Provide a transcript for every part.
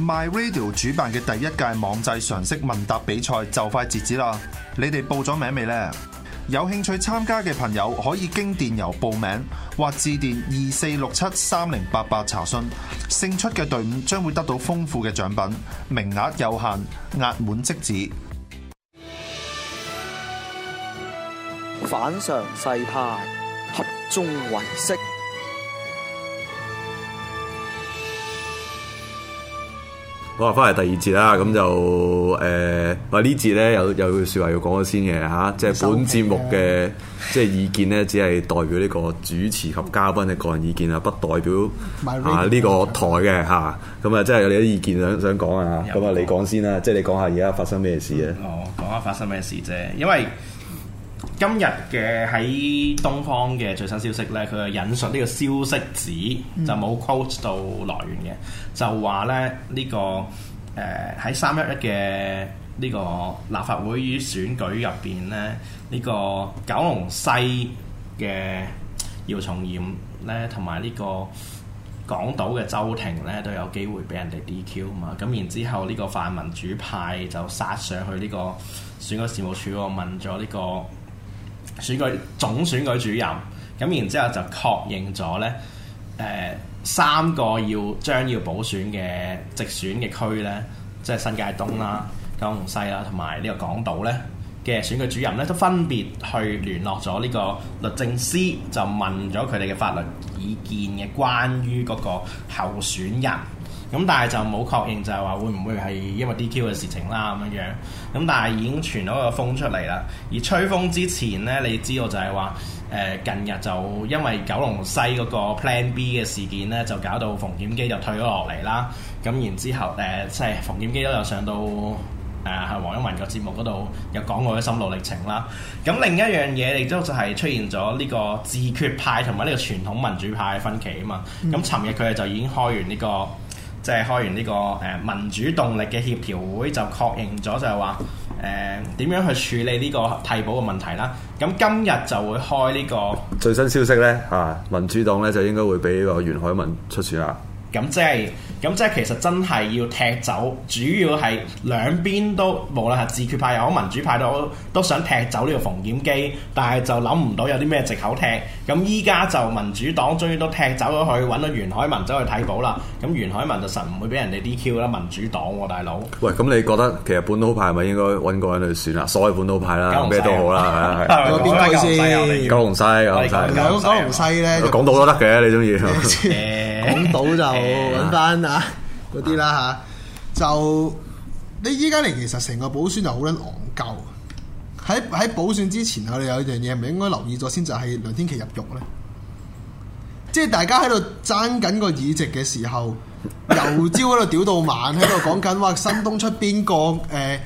My Radio 主辦嘅第一屆網際常識問答比賽就快截止啦！你哋報咗名未呢？有興趣參加嘅朋友可以經電郵報名或致電二四六七三零八八查詢。勝出嘅隊伍將會得到豐富嘅獎品，名額有限，額滿即止。反常世態，合眾唯識。我話翻嚟第二節啦，咁就誒，話、呃、呢節咧有有句説話要講咗先嘅嚇，啊、即係本節目嘅、啊、即係意見咧，只係代表呢個主持及嘉賓嘅個人意見啊，不代表啊呢、呢個台嘅嚇。咁啊，即係有你啲意見想想講啊，咁啊過，你講先啦，即係你講下而家發生咩事啊、嗯？哦，講下發生咩事啫，因為。今日嘅喺東方嘅最新消息咧，佢係引述呢個消息紙就冇 quote 到來源嘅，嗯、就話咧呢、呢個誒喺三一一嘅呢個立法會選舉入邊咧，呢、呢個九龍西嘅姚松炎咧同埋呢個港島嘅周庭咧都有機會俾人哋 DQ 啊嘛，咁然之後呢個泛民主派就殺上去呢個選舉事務處嗰度問咗呢、呢個選舉總選舉主任，咁然後之後就確認咗咧，誒、呃、三個要將要補選嘅直選嘅區咧，即係新界東啦、啊、九龍西啦同埋呢個港島咧嘅選舉主任咧，都分別去聯絡咗呢個律政司，就問咗佢哋嘅法律意見嘅關於嗰個候選人。咁但係就冇確認，就係話會唔會係因為 DQ 嘅事情啦，咁樣樣。咁但係已經傳咗個風出嚟啦。而吹風之前呢，你知道就係話誒近日就因為九龍西嗰個 Plan B 嘅事件呢，就搞到馮檢基就退咗落嚟啦。咁然之後誒，即係馮檢基都有上到誒係、呃、黃永文個節目嗰度有講過佢心路歷程啦。咁另一樣嘢，亦都就係出現咗呢個自決派同埋呢個傳統民主派嘅分歧啊嘛。咁尋日佢哋就已經開完呢、呢個。即係開完呢個誒民主動力嘅協調會，就確認咗就係話誒點樣去處理呢個替補嘅問題啦。咁今日就會開呢、這個最新消息咧嚇、啊，民主黨咧就應該會俾個袁海文出選啦、啊。咁即係，咁即係其實真係要踢走，主要係兩邊都，無論係自決派又好民主派都好，都想踢走呢個馮檢基，但係就諗唔到有啲咩藉口踢。咁依家就民主黨終於都踢走咗去，揾到袁海文走去替補啦。咁袁海文就實唔會俾人哋 DQ 啦，民主黨喎大佬。喂，咁你覺得其實本土派係咪應該揾個人去選啊？所謂本土派啦，咩都好啦，係啊。係邊先？九龍西，九龍西。九龍西咧。港島都得嘅，你中意。港島就。揾翻啊嗰啲啦吓， 就你依家嚟，其實成個補選就好捻戇鳩。喺喺補選之前我哋有一樣嘢係咪應該留意咗先？就係梁天琦入獄咧。即係大家喺度爭緊個議席嘅時候，由朝喺度屌到晚，喺度講緊哇新東出邊個誒誒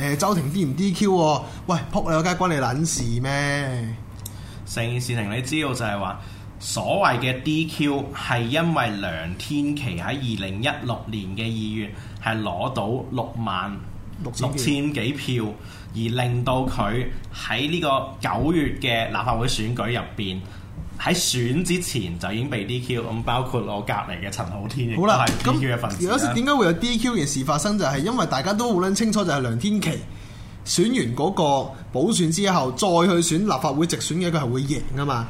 誒周庭 D 唔 DQ 喎，啊？喂，撲你街，關你撚事咩？成件事情你知道我就係話。所謂嘅 DQ 係因為梁天琦喺二零一六年嘅二月係攞到六萬六千幾票，而令到佢喺呢個九月嘅立法會選舉入邊喺選之前就已經被 DQ。咁包括我隔離嘅陳浩天都好都係 DQ 嘅份子。如果時點解會有 DQ 嘅事發生？就係因為大家都好撚清楚，就係梁天琦選完嗰個補選之後，再去選立法會直選嘅，佢係會贏㗎嘛。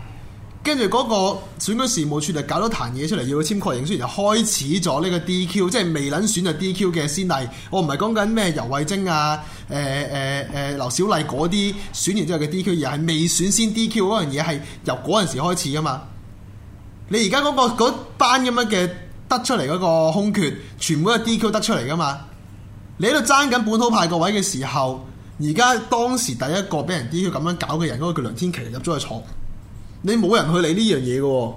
跟住嗰個選舉事務處就搞咗壇嘢出嚟，要佢簽確認書，然後開始咗呢個 DQ，即係未能選就 DQ 嘅先例。我唔係講緊咩游蕙禎啊，誒誒誒，劉小麗嗰啲選完之後嘅 DQ，而係未選先 DQ 嗰樣嘢係由嗰陣時開始噶嘛。你而家嗰班咁樣嘅得出嚟嗰個空缺，全部都係 DQ 得出嚟噶嘛。你喺度爭緊本土派個位嘅時候，而家當時第一個俾人 DQ 咁樣搞嘅人，嗰、那個叫梁天琦入咗去坐。你冇人去理呢樣嘢嘅，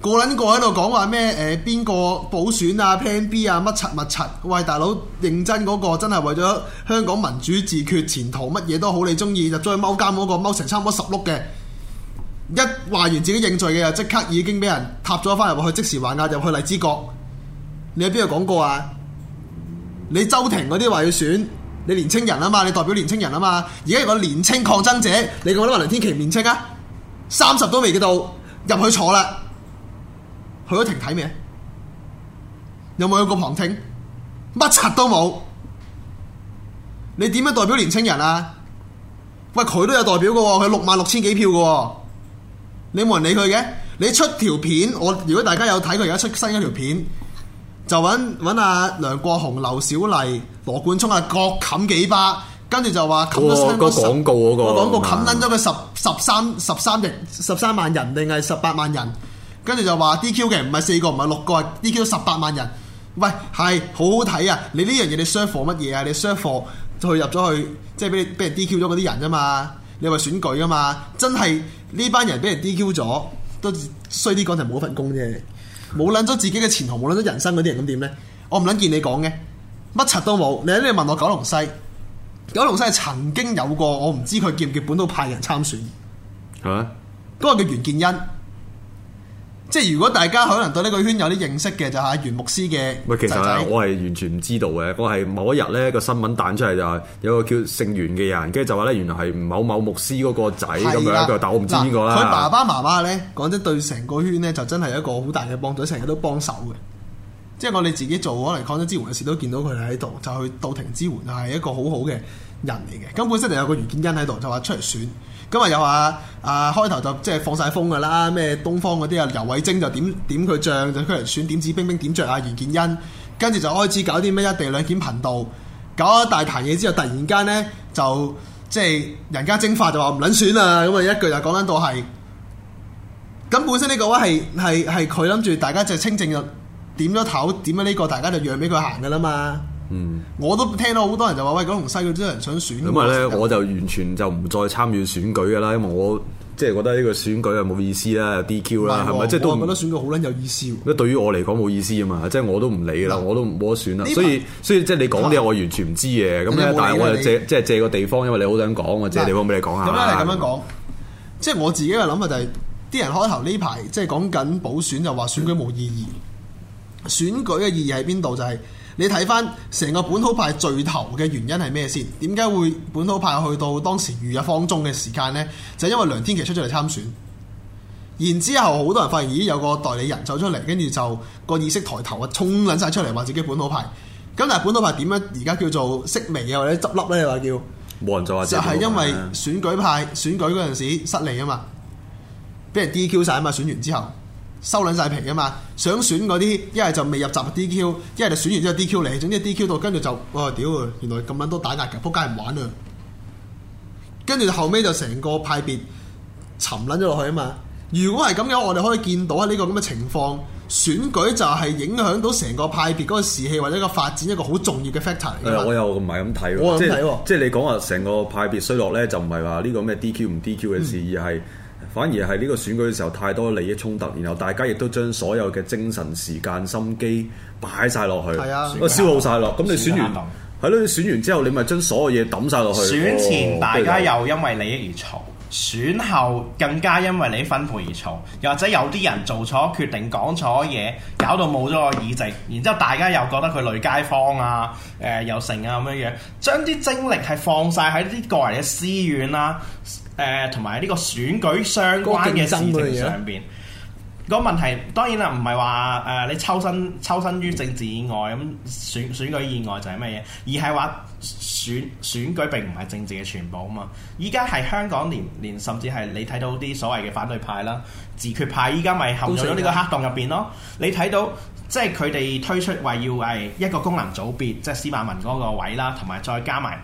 個撚個喺度講話咩？誒、呃，邊個補選啊 Plan B 啊？乜柒乜柒？喂，大佬認真嗰、嗰個真係為咗香港民主自決前途乜嘢都好，你中意就再踎監嗰個踎成差唔多十六嘅。一話完自己認罪嘅，又即刻已經俾人塌咗翻入去，即時還押入去荔枝角。你喺邊度講過啊？你周庭嗰啲話要選，你年青人啊嘛，你代表年青人啊嘛。而家個年青抗爭者，你講得話梁天琦年青啊？三十都未到，入去坐啦。去咗停睇咩？有冇去過旁聽？乜柒都冇。你點樣代表年青人啊？喂，佢都有代表噶喎，佢六萬六千幾票噶喎，你冇人理佢嘅？你出條片，我如果大家有睇佢而家出新一條片，就揾揾阿梁國雄、劉小麗、羅冠聰啊，各冚幾巴。跟住就話冚咗，哦嗰個廣告嗰、嗰個，個廣告冚撚咗佢十、嗯、十三十三億十三萬人定係十八萬人？跟住就話 DQ 嘅唔係四個唔係六個，DQ 十八萬人。喂，係好好睇啊！你呢樣嘢你 share 貨乜嘢啊？你 share 貨去入咗去，即係俾俾人 DQ 咗嗰啲人啊嘛？你話選舉啊嘛？真係呢班人俾人 DQ 咗，都衰啲講成冇份工啫。冇撚咗自己嘅前途，冇撚咗人生嗰啲人咁點呢？我唔撚見你講嘅乜柒都冇。你喺度問我九龍西？九龍西係曾經有過，我唔知佢叫唔叫本土派人參選。吓，啊，嗰個叫袁健恩。即係如果大家可能對呢個圈有啲認識嘅，就係袁牧師嘅喂，其實我係完全唔知道嘅。我係某一日咧，個新聞彈出嚟就係有個叫姓袁嘅人，跟住就話咧，原來係某某牧師嗰個仔咁樣。但我唔知邊個啦。佢爸爸媽媽咧，講真，對成個圈咧，就真係一個好大嘅幫助，成日都幫手嘅。即係我哋自己做，可能抗爭支援嘅事都見到佢喺度，就去到庭支援，係一個好好嘅人嚟嘅。咁本身就有個袁健恩喺度，就話出嚟選。咁啊又話啊開頭就即係放晒風㗎啦，咩東方嗰啲啊，尤偉晶就點點佢醬，就出嚟選點指冰冰點著啊，袁健恩跟住就開始搞啲咩一地兩檢頻道，搞咗大壇嘢之後，突然間呢就即係、就是、人間蒸發就話唔撚選啦，咁啊一句就講緊到係。咁本身呢個話係係係佢諗住大家就清正嘅。點咗頭，點咗呢個，大家就讓俾佢行噶啦嘛。嗯，我都聽到好多人就話喂，九龍西佢嗰啲人想選。咁咪咧，我就完全就唔再參與選舉噶啦，因為我即係覺得呢個選舉係冇意思啦，有 DQ 啦，係咪？即係都我覺得選舉好撚有意思。咁對於我嚟講冇意思啊嘛，即係我都唔理啦，我都冇得選啦。所以所以即係你講啲嘢，我完全唔知嘅。咁咧，但係我又借即係借個地方，因為你好想講，我借個地方俾你講下。咁樣嚟咁樣講，即係我自己嘅諗法就係，啲人開頭呢排即係講緊補選就話選舉冇意義。選舉嘅意義喺邊度？就係、是、你睇翻成個本土派聚頭嘅原因係咩先？點解會本土派去到當時如日方中嘅時間呢？就係、因為梁天琦出咗嚟參選，然後之後好多人發現咦有個代理人走出嚟，跟住就個意識抬頭啊，衝撚晒出嚟話自己本土派。咁但係本土派點樣而家叫做式微嘅或者執笠咧？你話叫冇人就話就係因為選舉派、嗯、選舉嗰陣時失利啊嘛，俾人 DQ 晒啊嘛，選完之後。收撚晒皮啊嘛！想選嗰啲，一係就未入閘 DQ，一係就選完之後 DQ 嚟，總之 DQ 到跟住就，哇、哦、屌！原來咁樣都打壓嘅，仆街唔玩啊！跟住後尾就成個派別沉撚咗落去啊嘛！如果係咁樣，我哋可以見到啊呢個咁嘅情況，選舉就係影響到成個派別嗰個士氣或者個發展一個好重要嘅 factor。我又唔係咁睇咯，即係即係你講話成個派別衰落呢，就唔係話呢個咩 DQ 唔 DQ 嘅事，嗯、而係。反而係呢個選舉嘅時候，太多利益衝突，然後大家亦都將所有嘅精神、時間、心機擺晒落去，啊，選 消耗晒落。咁你選完係咯、啊，你選完之後，你咪將所有嘢抌晒落去。選前大家又因為利益而嘈，選後更加因為你分配而嘈，又或者有啲人做錯決定、講錯嘢，搞到冇咗個議席，然之後大家又覺得佢累街坊啊，誒、呃、又剩啊咁樣樣，將啲精力係放晒喺啲個人嘅私怨啦、啊。誒同埋呢個選舉相關嘅事情上邊，個,個問題當然啦，唔係話誒你抽身抽身於政治以外咁選選舉以外就係乜嘢，而係話選選舉並唔係政治嘅全部啊嘛。依家係香港年年，甚至係你睇到啲所謂嘅反對派啦、自決派，依家咪陷咗呢個黑洞入邊咯。你睇到即係佢哋推出話要係一個功能組別，即係司馬文嗰個位啦，同埋再加埋。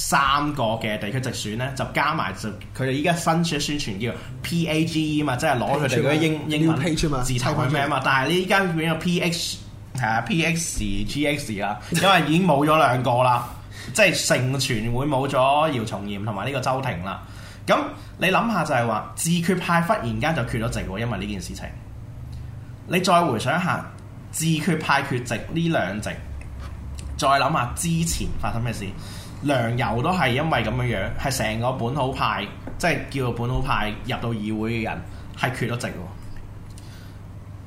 三個嘅地區直選咧，就加埋就佢哋依家新出宣傳叫 PAGE 嘛，即係攞佢哋嗰啲英英文字頭去咩啊嘛。但係依家變咗 PX 係啊 PXGX 啦，X, X G、X, 因為已經冇咗兩個啦，即係成全會冇咗姚松炎同埋呢個周庭啦。咁你諗下就係話自決派忽然間就缺咗席，因為呢件事情。你再回想一下自決派缺席呢兩席，再諗下之前發生咩事。梁游都係因為咁樣樣，係成個本土派，即係叫做本土派入到議會嘅人，係缺咗席喎。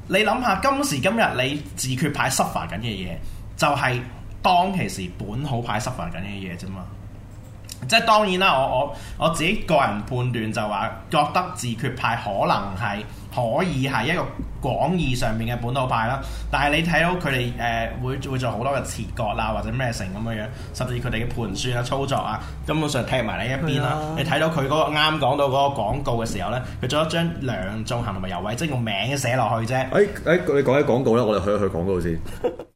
你諗下，今時今日你自決派 suffer 緊嘅嘢，就係、是、當其時本土派 suffer 緊嘅嘢啫嘛。即係當然啦，我我我自己個人判斷就話，覺得自決派可能係可以係一個廣義上面嘅本土派啦。但係你睇到佢哋誒會會做好多嘅切割啦，或者咩成咁嘅樣，甚至佢哋嘅盤算啊、操作啊，根本上踢埋你一邊啦。是啊、你睇到佢嗰、嗰個啱講到嗰個廣告嘅時候咧，佢做咗張梁頌恆同埋游蕙禎即係個名寫落去啫、欸。誒、欸、誒，你講起廣告咧，我哋去一去廣告先。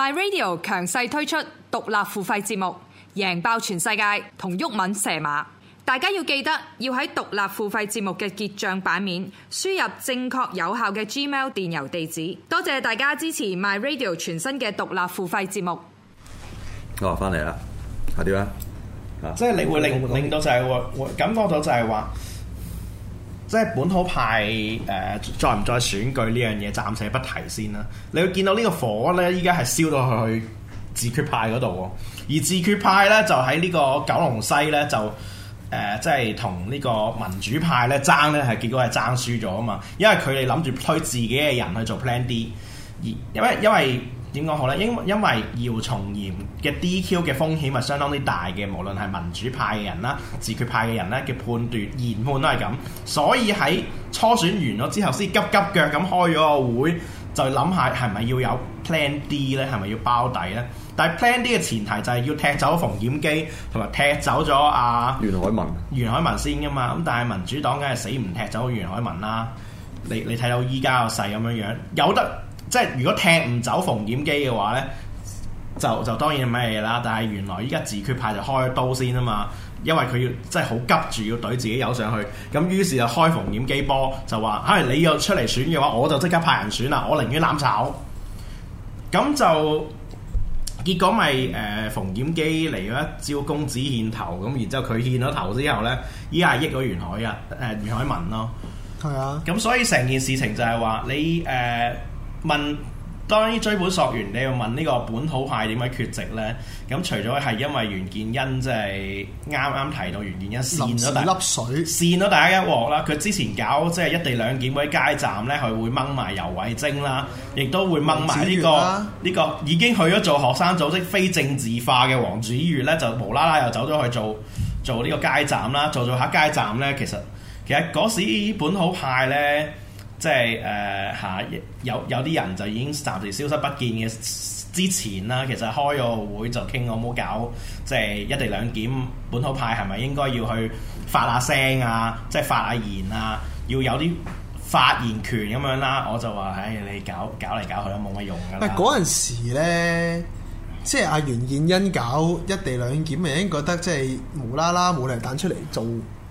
My Radio 強勢推出獨立付費節目，贏爆全世界同毓民蛇馬。大家要記得要喺獨立付費節目嘅結帳版面輸入正確有效嘅 Gmail 電郵地址。多謝大家支持 My Radio 全新嘅獨立付費節目。我翻嚟啦，係點啊？即係你會令令到就係、是、我感覺到就係、是、話。即係本土派誒、呃，再唔再選舉呢樣嘢暫時不提先啦。你會見到呢個火咧，依家係燒到去自決派嗰度喎。而自決派咧就喺呢個九龍西咧就誒、呃，即係同呢個民主派咧爭咧，係結果係爭輸咗啊嘛。因為佢哋諗住推自己嘅人去做 plan D，而因為因為。點講好咧？因因為姚松炎嘅 DQ 嘅風險係相當之大嘅，無論係民主派嘅人啦、自決派嘅人咧嘅判斷，研判都係咁，所以喺初選完咗之後，先急急腳咁開咗個會，就諗下係咪要有 Plan D 咧？係咪要包底咧？但係 Plan D 嘅前提就係要踢走馮檢基，同埋踢走咗、啊、阿袁海文。袁海文先噶嘛？咁但係民主黨梗係死唔踢走袁海文啦。你你睇到依家個勢咁樣樣，有得。即係如果踢唔走馮檢基嘅話呢，就就當然咩嘢啦。但係原來依家自決派就開刀先啊嘛，因為佢要即係好急住要隊自己有上去，咁於是就開馮檢基波，就話：，唉、哎，你又出嚟選嘅話，我就即刻派人選啦，我寧願攬炒。咁就結果咪、就、誒、是呃、馮檢基嚟咗一招公子獻頭，咁然之後佢獻咗頭之後呢，依家係益咗袁海、呃、海啊，誒袁海文咯。係啊。咁所以成件事情就係話你誒。呃問，當啲追本溯源，你要問呢個本土派點解缺席呢？咁除咗係因為袁健恩，即係啱啱提到袁健恩，扇咗，但係扇咗大家一鑊啦。佢之前搞即係、就是、一地兩檢嗰啲街站呢，佢會掹埋游蕙禎啦，亦都會掹埋呢個呢、啊、個已經去咗做學生組織非政治化嘅黃子悅呢，就無啦啦又走咗去做做呢個街站啦，做做下街站呢，其實其實嗰時本土派呢。即係誒嚇，有有啲人就已經暫時消失不見嘅之前啦。其實開個會就傾我冇搞，即係一地兩檢，本土派係咪應該要去發下聲啊？即係發下言啊，要有啲發言權咁樣啦。我就話唉，你搞搞嚟搞去都冇乜用㗎。但，嗰陣時咧，即係阿袁健恩搞一地兩檢，已經覺得即係無啦啦冇嚟蛋出嚟做。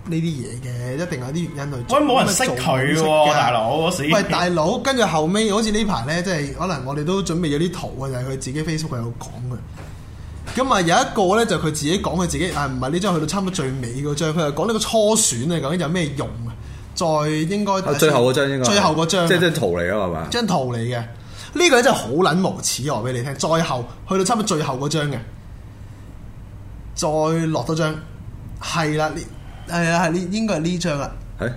呢啲嘢嘅，一定有啲原因去。喂，冇人識佢喎，大佬。喂，大佬，跟住後尾好似呢排咧，即係可能我哋都準備咗啲圖啊，就係、是、佢自己 Facebook 有講嘅。咁啊，有一個咧就佢自己講佢自己，啊唔係呢張去到差唔多最尾嗰張，佢又講呢個初選啊，究竟有咩用啊？再應該，最後嗰張應該，最後嗰張，即係張圖嚟咯，係嘛？張圖嚟嘅，呢個真係好撚無恥話俾你聽，再後去到差唔多最後嗰張嘅，再落多張，係啦呢。係啊，係呢，應該係呢張啊，係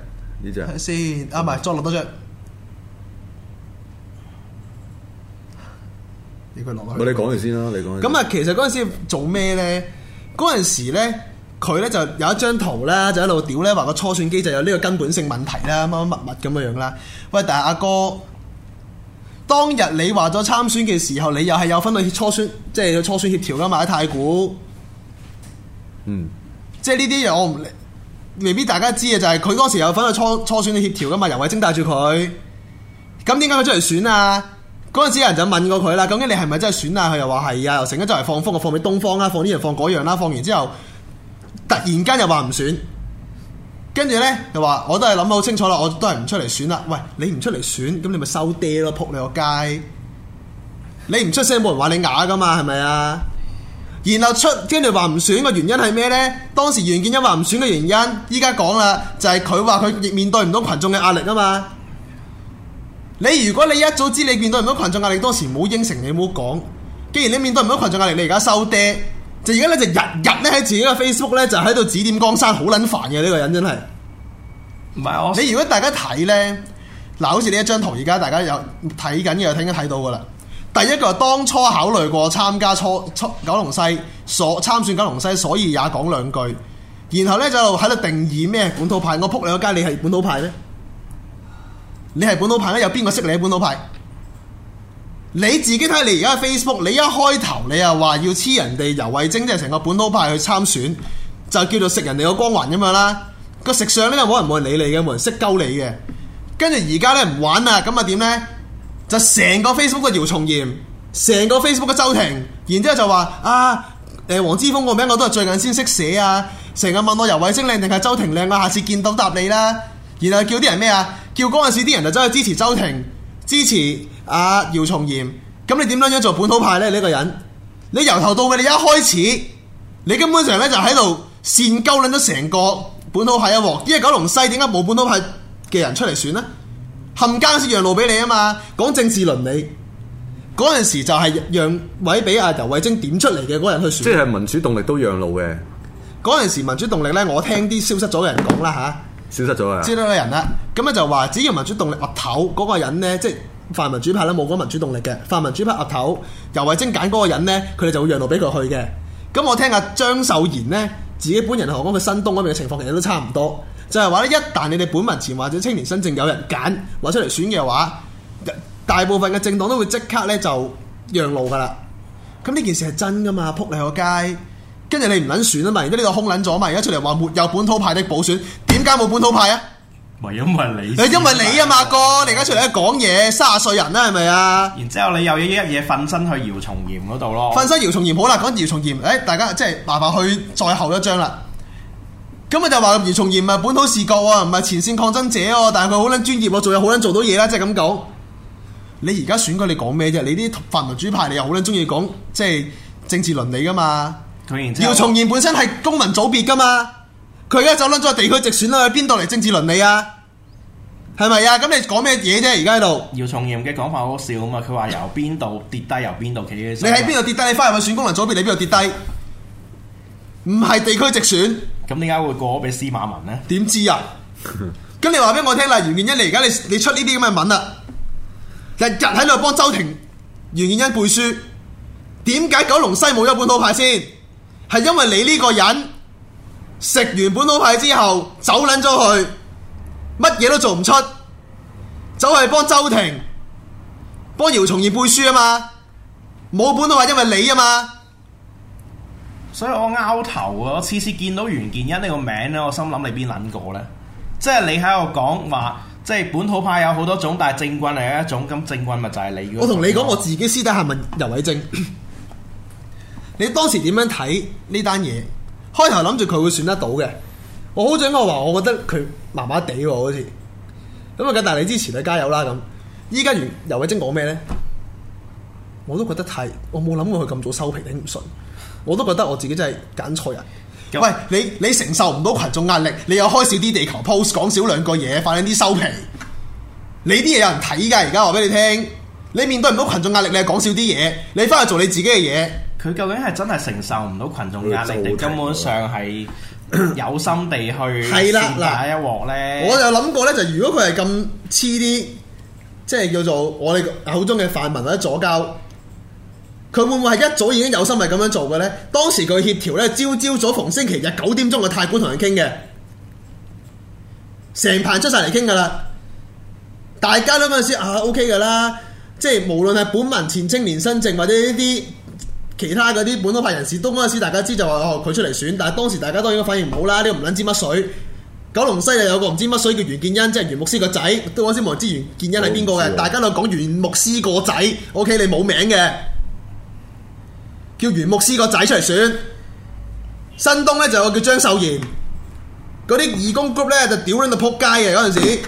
呢張。先啊，唔係，再落多張。你佢落啊。我你講完先啦，你講。咁啊，其實嗰陣時做咩咧？嗰陣時咧，佢咧就有一張圖啦，就一路屌咧，話個初選機制有呢個根本性問題啦，乜乜乜乜咁樣樣啦。喂，但係阿哥，當日你話咗參選嘅時候，你又係有分到初選，即係有初選協調噶嘛？喺太古。嗯。即係呢啲嘢，我唔理。未必大家知嘅就係佢嗰時有份去初初選嘅協調噶嘛，游蕙禎帶住佢。咁點解佢出嚟選啊？嗰陣時有人就問過佢啦，究竟你係咪真係選啊？佢又話係啊，又成日出嚟放風放啊，放俾東方啦，放呢樣放嗰樣啦，放完之後突然間又話唔選，跟住呢，又話我都係諗好清楚啦，我都係唔出嚟選啦。喂，你唔出嚟選，咁你咪收爹咯，扑你個街！你唔出聲冇人話你啞噶嘛，係咪啊？然後出跟住話唔選嘅原因係咩呢？當時袁健恩話唔選嘅原因，依家講啦，就係佢話佢亦面對唔到群眾嘅壓力啊嘛。你如果你一早知你面對唔到群眾壓力，當時唔好應承，你唔好講。既然你面對唔到群眾壓力，你而家收爹，就而家咧就日日咧喺自己嘅 Facebook 咧就喺度指點江山，好撚煩嘅呢個人真係。唔係行你如果大家睇呢，嗱好似呢一張圖，而家大家有睇緊嘅，已經睇到噶啦。第一個係當初考慮過參加初初九龍西所參選九龍西，所以也講兩句。然後呢，就喺度定義咩本土派，我仆你個街，你係本土派咩？你係本土派呢？有邊個識你係本土派？你自己睇你而家 Facebook，你一開頭你又話要黐人哋游蕙禎，即係成個本土派去參選，就叫做食人哋個光環咁樣啦。個食相呢冇人冇人理你嘅，冇人識鳩你嘅。跟住而家呢，唔玩啦，咁啊點呢？就成個 Facebook 嘅姚松炎，成個 Facebook 嘅周庭，然之後就話啊，誒、呃、黃之鋒個名我都係最近先識寫啊，成日問我游蕙禎靚定係周庭靚啊，我下次見到答你啦、啊。然後叫啲人咩啊？叫嗰陣時啲人就走去支持周庭，支持啊姚松炎。咁你點樣樣做本土派呢？呢、這個人，你由頭到尾你一開始，你根本上咧就喺度煽鳩撚咗成個本土派啊喎！因為九龍西點解冇本土派嘅人出嚟選呢？冚家先讓路俾你啊嘛！講政治倫理，嗰陣時就係讓位俾阿尤慧晶點出嚟嘅嗰人去選。即係民主動力都讓路嘅。嗰陣時民主動力呢，我聽啲消失咗嘅人講啦吓，啊、消失咗啊！知道啲人啦，咁咧就話只要民主動力岌頭嗰、嗰個人呢，即係泛民主派咧冇嗰民主動力嘅泛民主派岌頭，尤慧晶揀嗰個人呢，佢哋就會讓路俾佢去嘅。咁我聽阿張秀賢呢，自己本人同我講，佢新東嗰邊嘅情況其實都差唔多。就係話咧，一旦你哋本民前或者青年新政有人揀，或者出嚟選嘅話，大部分嘅政黨都會即刻咧就讓路噶啦。咁呢件事係真噶嘛？撲你個街！跟住你唔撚選啊嘛，而家呢度空撚咗嘛，而家出嚟話沒有本土派的補選，點解冇本土派啊？係因為你，因為你啊嘛，哥，你而家出嚟講嘢，三十歲人啦，係咪啊？然之後你又要一嘢瞓身去姚松炎嗰度咯。瞓身姚松炎好啦，講姚松炎，誒、哎，大家即係麻煩去再後一張啦。咁啊，就話姚松炎唔係本土視角啊，唔係前線抗爭者哦，但係佢好撚專業哦，做嘢好撚做到嘢啦，即係咁講。你而家選舉你講咩啫？你啲泛民主派你又好撚中意講即係政治倫理噶嘛？姚松炎本身係公民組別噶嘛？佢而家走撚咗地區直選啦，去邊度嚟政治倫理啊？係咪啊？咁你講咩嘢啫？而家喺度？姚松炎嘅講法好笑啊嘛！佢話 由邊度跌低由邊度企嘅。你喺邊度跌低？ 你翻入去選功能組別，你邊度跌低？唔係 地區直選。咁點解會過咗畀司馬文咧？點知啊？咁 你話畀我聽啦，袁健恩，你而家你你出呢啲咁嘅文啦，日日喺度幫周庭、袁健恩背書，點解九龍西冇咗本土派先？係因為你呢個人食完本土派之後走撚咗去，乜嘢都做唔出，走去幫周庭、幫姚松炎背書啊嘛，冇本土係因為你啊嘛。所以我拗頭啊！我次次見到袁健恩呢個名咧，我心諗你邊諗過咧？即係你喺度講話，即係本土派有好多種，但係政棍係一種。咁政棍咪就係你嘅？我同你講，我自己私底下問游偉正，你當時點樣睇呢單嘢？開頭諗住佢會選得到嘅，我好想我話，我覺得佢麻麻地喎，好似咁啊！咁但係你支持佢加油啦咁。依家游游偉正講咩咧？我都覺得太，我冇諗過佢咁早收皮，你唔信？我都覺得我自己真係揀錯人。這樣 喂，你你承受唔到群眾壓力，你又開少啲地球 post，講少兩個嘢，快啲收皮。你啲嘢有人睇㗎，而家話俾你聽。你面對唔到群眾壓力，你係講少啲嘢，你翻去做你自己嘅嘢。佢究竟係真係承受唔到群眾壓力，你根本上係有心地去。係啦，嗱一鑊呢。我就諗過呢，就如果佢係咁黐啲，即係叫做我哋口中嘅泛民或者左膠。佢會唔會係一早已經有心係咁樣做嘅呢？當時佢協調咧，朝朝早逢星期日九點鐘嘅太古同佢傾嘅，成排出晒嚟傾噶啦。大家都嗰陣時啊 OK 嘅啦，即係無論係本民、前青年新政或者呢啲其他嗰啲本土派人士，都嗰陣時大家知就話佢、哦、出嚟選。但係當時大家當然都反應唔好啦，呢啲唔撚知乜水。九龍西啊有個唔知乜水叫袁健恩，即係袁牧師個仔，都嗰時冇人知袁健恩係邊個嘅，大家都講袁牧師個仔。OK，你冇名嘅。叫袁牧師個仔出嚟選新東咧就有叫張秀賢，嗰啲義工 group 咧就屌撚到扑街嘅嗰陣時了了，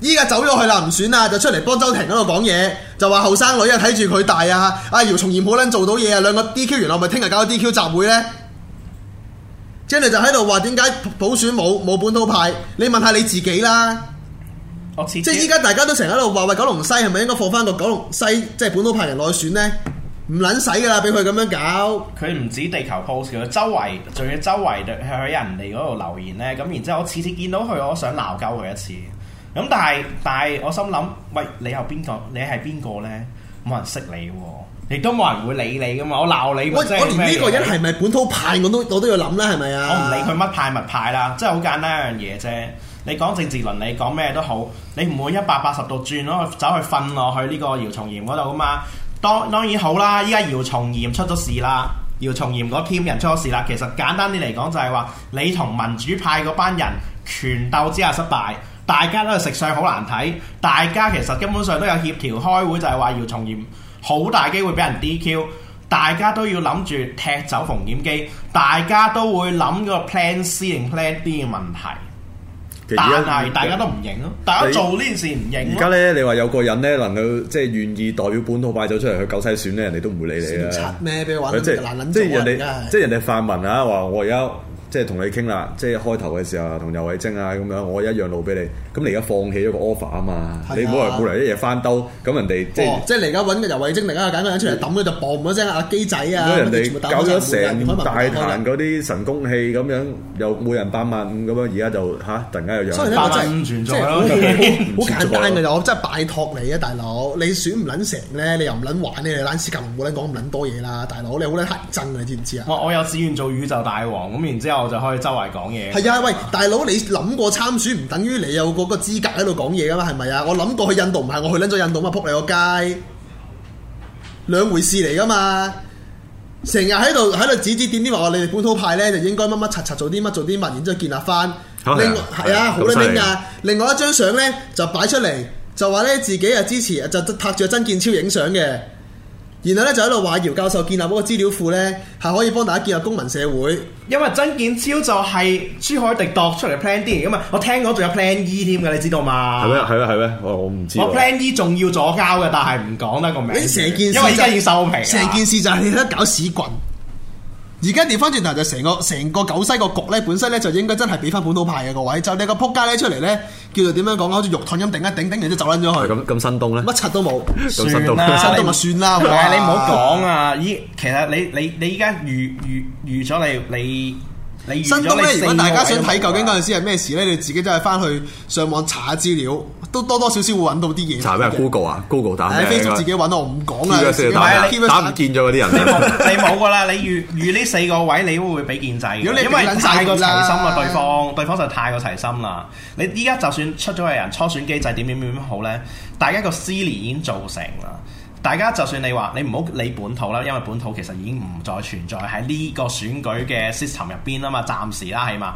依家走咗去啦，唔選啦，就出嚟幫周庭嗰度講嘢，就話後生女啊睇住佢大啊，阿姚松炎冇撚做到嘢啊，兩個 DQ 完我咪聽日搞個 DQ 集會咧 Jamie 就喺度話點解普選冇冇本土派？你問下你自己啦，即係依家大家都成日喺度話喂九龍西係咪應該放翻個九龍西即係、就是、本土派人落去選呢？」唔撚使噶啦，俾佢咁樣搞。佢唔止地球 post，佢周圍仲要周圍去人哋嗰度留言呢。咁然之後，我次次見到佢，我想鬧鳩佢一次。咁但係但係，我心諗，喂，你又邊個？你係邊個呢？冇人識你喎，亦都冇人會理你噶嘛。我鬧你，我連呢個人係咪本土派， 我都我都要諗啦，係咪啊？我唔理佢乜派物派啦，即係好簡單一樣嘢啫。你講政治倫理，講咩都好，你唔會一百八十度轉咯，走去瞓落去呢個姚松炎嗰度噶嘛？當當然好啦，依家姚松炎出咗事啦，姚松炎嗰 team 人出咗事啦。其實簡單啲嚟講，就係話你同民主派嗰班人拳鬥之下失敗，大家都係食相好難睇，大家其實根本上都有協調開會，就係話姚松炎好大機會俾人 DQ，大家都要諗住踢走馮檢基，大家都會諗嗰 plan C 定 plan D 嘅問題。但係大家都唔認你，大家做呢件事唔認咯。而家你話有個人咧，能夠即係願意代表本土派走出嚟去九西選呢，人哋都唔會理你啦。咩俾你玩到咁難，即係是人哋，即係人哋泛民啊！話我而家。即係同你傾啦，即係開頭嘅時候同游蕙禎啊咁樣，我一樣路俾你。咁你而家放棄咗個 offer 啊嘛，是啊你冇人冇人一夜翻兜，咁人哋即係、哦、即係嚟而家揾個游蕙禎嚟啊，揀個人出嚟抌佢就嘣一聲啊機仔啊！咁人哋搞咗成大壇嗰啲人神功戲咁樣，又每人八萬五咁樣，而家就吓，突然間有樣百萬唔存在，係好 簡單嘅就我真係拜託你啊，大佬，你選唔撚成咧，你又唔撚玩你撚斯格隆冇撚講咁撚多嘢啦，大佬，你好撚黑真嘅，你知唔知啊？我有志願做宇宙大王咁，然之後。我就可以周圍講嘢。係啊，喂，大佬，你諗過參選唔等於你有嗰個資格喺度講嘢噶嘛？係咪啊？我諗過去印度唔係我去拎咗印度嘛？撲你個街，兩回事嚟噶嘛。成日喺度喺度指指點點話我，你哋本土派呢，就應該乜乜柒柒做啲乜做啲乜，然之後建立翻。另外，啊，係啊，好撚癲。另外一張相呢，就擺出嚟，就話呢自己啊支持，就拍住曾健超影相嘅。然後咧就喺度話姚教授建立嗰個資料庫咧，係可以幫大家建立公民社會。因為曾建超就係珠海迪度出嚟 plan D，咁啊我聽講仲有 plan E 添嘅，你知道嘛？係咩？ 係咩？係咩？我我唔知。我 plan E 仲要左膠嘅，但係唔講得個名。成件事，就是，因為而家要收皮。成件事就係你得搞屎棍。而家調翻轉頭就成個成個九西個局咧，本身咧就應該真係俾翻本土派嘅個位，就你個仆街咧出嚟咧。叫做點樣講啊？好似肉盾咁，頂一頂頂完都走甩咗去咁咁新東咧？乜柒都冇。咁新東算啦，新東就算啦。 哇你唔好講啊！咦，其實你你你依家預預預咗你你。你新東咧，如果大家想睇究竟嗰陣時係咩事咧，你自己真係翻去上網查下資料，都多多少少會揾到啲嘢。查咩？Google 啊，Google 打。你 Facebook 自己揾我唔講啊，唔係你打唔見咗嗰啲人。你冇噶啦，你遇遇呢四個位，你會俾建制，如果你因為太過齊心啊，對方對方就太過齊心啦。你依家就算出咗個人初選機制點點點好咧，大家個撕裂已經造成啦。大家就算你話你唔好理本土啦，因為本土其實已經唔再存在喺呢個選舉嘅 system 入邊啊嘛，暫時啦起碼，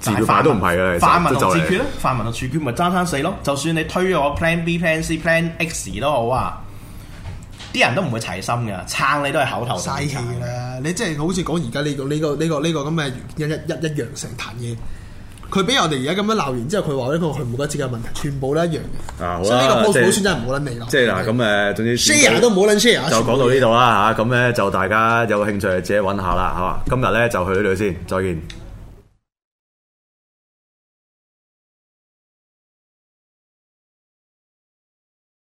自決都唔係嘅，泛民自決咧，泛民就取決咪爭爭死咯。就算你推咗我 plan B、plan C、plan X 都好啊，啲人都唔會齊心嘅，撐你都係口頭嘥氣啦。你即係好似講而家呢個呢、呢個呢、呢個呢、呢個咁嘅一一一一樣成壇嘢。佢俾人哋而家咁樣鬧完之後，佢話咧：佢冇解決嘅問題，全部都一樣嘅。啊，好啊，呢個報告書真係唔好撚味咯。即係嗱咁誒，總之 share 都唔好撚 share。就講到呢度啦吓，咁咧、啊啊、就大家有興趣自己揾下啦，係嘛？今日咧就去呢度先，再見。